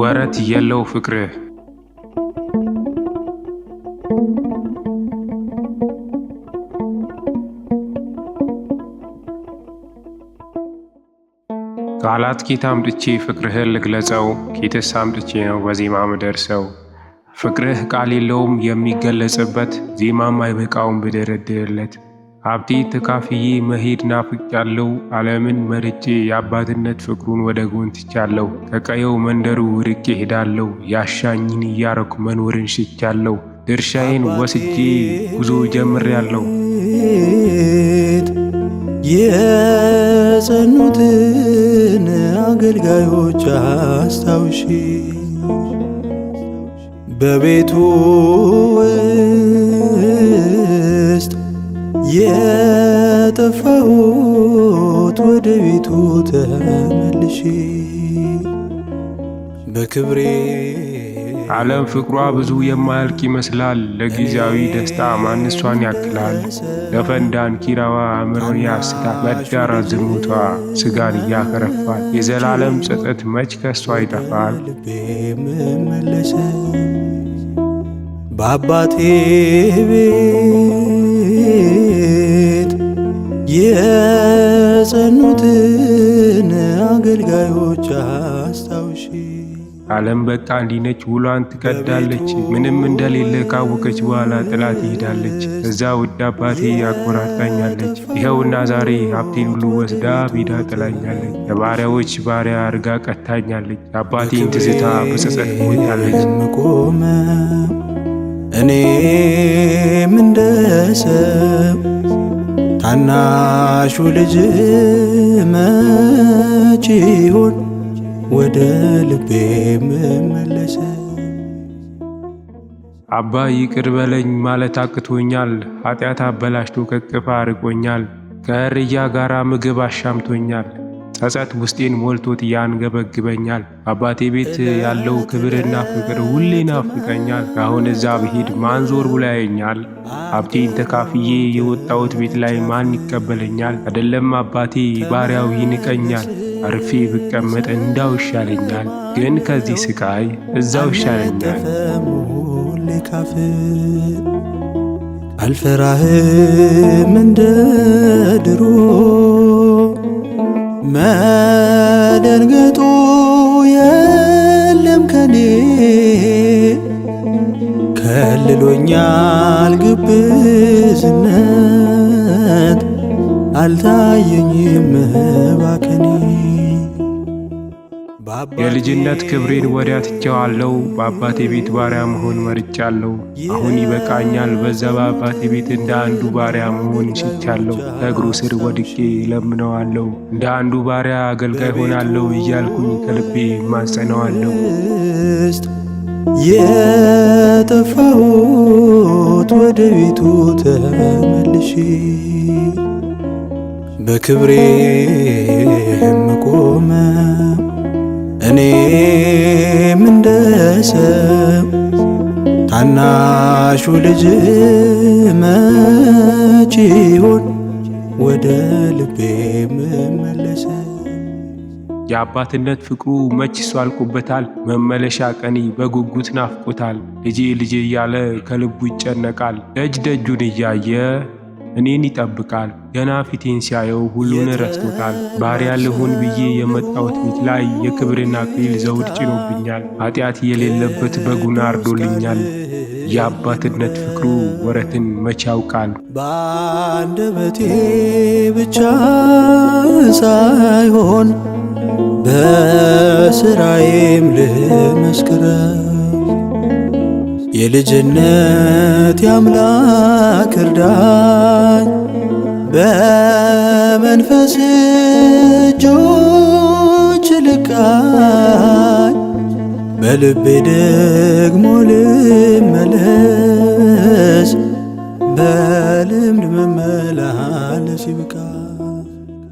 ወረት የለው ፍቅርህ ቃላት ኬት አምጥቼ ፍቅርህን ልግለጸው? ኬትስ አምጥቼ ነው በዜማ ምደርሰው? ፍቅርህ ቃል የለውም የሚገለጽበት ዜማም አይበቃውም ብደረድርለት ሀብቴ ተካፍዬ መሄድ ናፍቄያለሁ። ዓለምን መርጬ የአባትነት ፍቅሩን ወደ ጎን ትቻለሁ። ከቀየው መንደሩ ርቄ ሄዳለሁ። ያሻኝን እያረኩ መኖርን ሽቻለሁ። ድርሻዬን ወስጄ ጉዞ ጀምሬያለሁ። የጸኑትን አገልጋዮች አስታውሺ በቤቱ ውስጥ የጠፋሁት ወደ ቤቱ ተመልሺ በክብሬ ዓለም ፍቅሯ ብዙ የማያልቅ ይመስላል። ለጊዜያዊ ደስታ ማንሷን ያክላል። ለፈንዳን ኪራዋ አእምሮን ያስታል። መዳራ ዝሙቷ ስጋን እያከረፋል። የዘላለም ጸጸት መች ከሷ ይጠፋል። በአባቴ ቤት ዓለም በቃ እንዲነች ውሏን ትቀዳለች። ምንም እንደሌለ ካወቀች በኋላ ጥላት ትሄዳለች። እዛ ውድ አባቴ አቆራርጣኛለች። ይኸውና ዛሬ ሀብቴን ሁሉ ወስዳ ሜዳ ጥላኛለች። የባሪያዎች ባሪያ አርጋ ቀታኛለች። አባቴን ትዝታ በጸጸት ሞኛለች። ቆመ እኔም እንደ ሰው ታናሹ ልጅ መቼ ይሆን ወደ ልቤ መመለሰ። አባ ይቅር በለኝ ማለት አቅቶኛል። ኃጢአት አበላሽቶ ከቅፋ አርቆኛል። ከእርያ ጋር ምግብ አሻምቶኛል። ጸጸት ውስጤን ሞልቶት ያንገበግበኛል። አባቴ ቤት ያለው ክብርና ፍቅር ሁሌ ናፍቀኛል። ካሁን እዛ ብሄድ ማን ዞር ብሎ ያየኛል? ሀብቴን ተካፍዬ የወጣሁት ቤት ላይ ማን ይቀበለኛል? አይደለም አባቴ ባሪያው ይንቀኛል። አርፌ ብቀመጥ እንዳው ይሻለኛል፣ ግን ከዚህ ስቃይ እዛው ይሻለኛል። አልፈራህም እንደ ድሮ መደንገጡ የለም ከኔ ከልሎኛል ግብዝነት አልታየኝም ባከኔ የልጅነት ክብሬን ወዲያ ትቼዋለሁ። በአባቴ ቤት ባሪያ መሆን መርጫለሁ። አሁን ይበቃኛል። በዛ በአባቴ ቤት እንደ አንዱ ባሪያ መሆን ሽቻለሁ። ከእግሩ ስር ወድቄ ለምነዋለሁ። እንደ አንዱ ባሪያ አገልጋይ ሆናለሁ እያልኩኝ ከልቤ ማጸነዋለሁ። የጠፋሁት ወደ ቤቱ ተመልሼ በክብሬ መቆመ እኔም እንደ ሰው ታናሹ ልጅ መች ይሆን ወደ ልቤ መመለሰ የአባትነት ፍቅሩ መች ሷልቁበታል መመለሻ ቀኒ በጉጉት ናፍቆታል። ልጄ ልጄ እያለ ከልቡ ይጨነቃል። ደጅ ደጁን እያየ እኔን ይጠብቃል። ገና ፊቴን ሲያየው ሁሉን ረስቶታል። ባሪያ ልሁን ብዬ የመጣሁት ቤት ላይ የክብርና ክሊል ዘውድ ጭኖብኛል። ኃጢአት የሌለበት በጉና አርዶልኛል። የአባትነት ፍቅሩ ወረትን መቼ ያውቃል? በአንደበቴ ብቻ ሳይሆን በስራዬም ልመስክረው የልጅነት የአምላክ እርዳኝ በመንፈስ እጆች ልቃኝ በልቤ ደግሞ ልመለስ በልምድ መመላለስ ይብቃ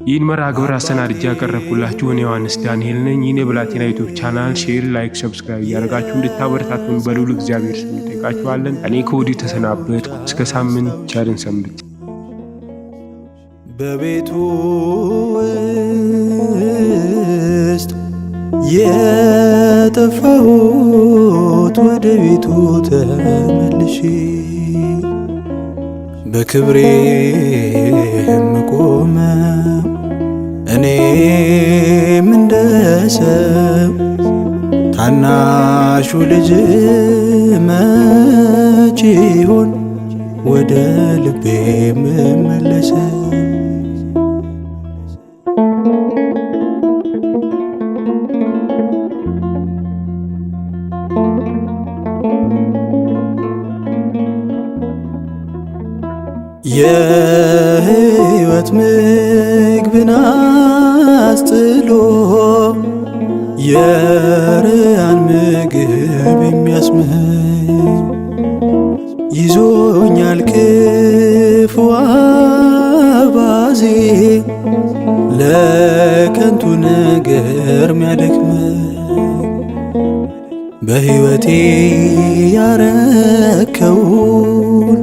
ይህን መርሃ ግብር አሰናድጄ ያቀረብኩላችሁ እኔ ዮሐንስ ዳንኤል ነኝ። ይህን የብላቴና ዩቱብ ቻናል ሼር፣ ላይክ፣ ሰብስክራይብ እያደረጋችሁ እንድታበረታቱን በልዑል እግዚአብሔር ስም እንጠይቃችኋለን። እኔ ከወዲሁ ተሰናበትኩ። እስከ ሳምንት ቸርን ሰንብት። በቤቱ ውስጥ የጠፋሁት ወደ ቤቱ ተመልሼ በክብሬ ለሰው ታናሹ ልጅ መቼ ይሆን ወደ ልቤ የምመለሰው? የህይወት ምግብን አስጥሎ የርያን ምግብ የሚያስመኝ ይዞኛል ክፉ አባዜ ለከንቱ ነገር ሚያደክመ በሕይወቴ ያረከውን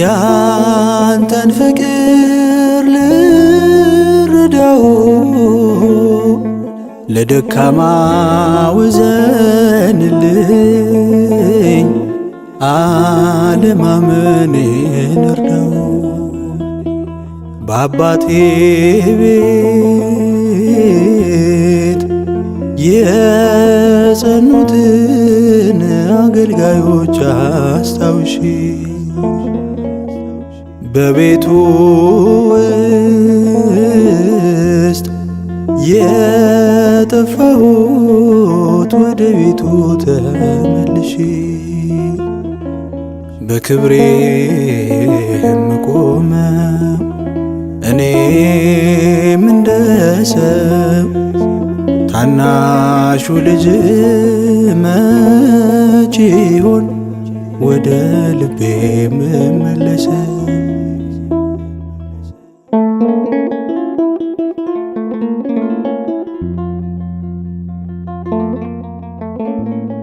ያንተን ፍቅር ለደካማ ውዘንልኝ አለማመኔን እርዳው በአባቴ ቤት የጸኑትን አገልጋዮች አስታውሺ በቤቱ ውስጥ ከጠፋሁት ወደ ቤቱ ተመልሼ በክብሬ የምቆመ እኔም እንደ ሰው ታናሹ ልጅ መቼ ይሆን ወደ ልቤ የምመለሰው thank you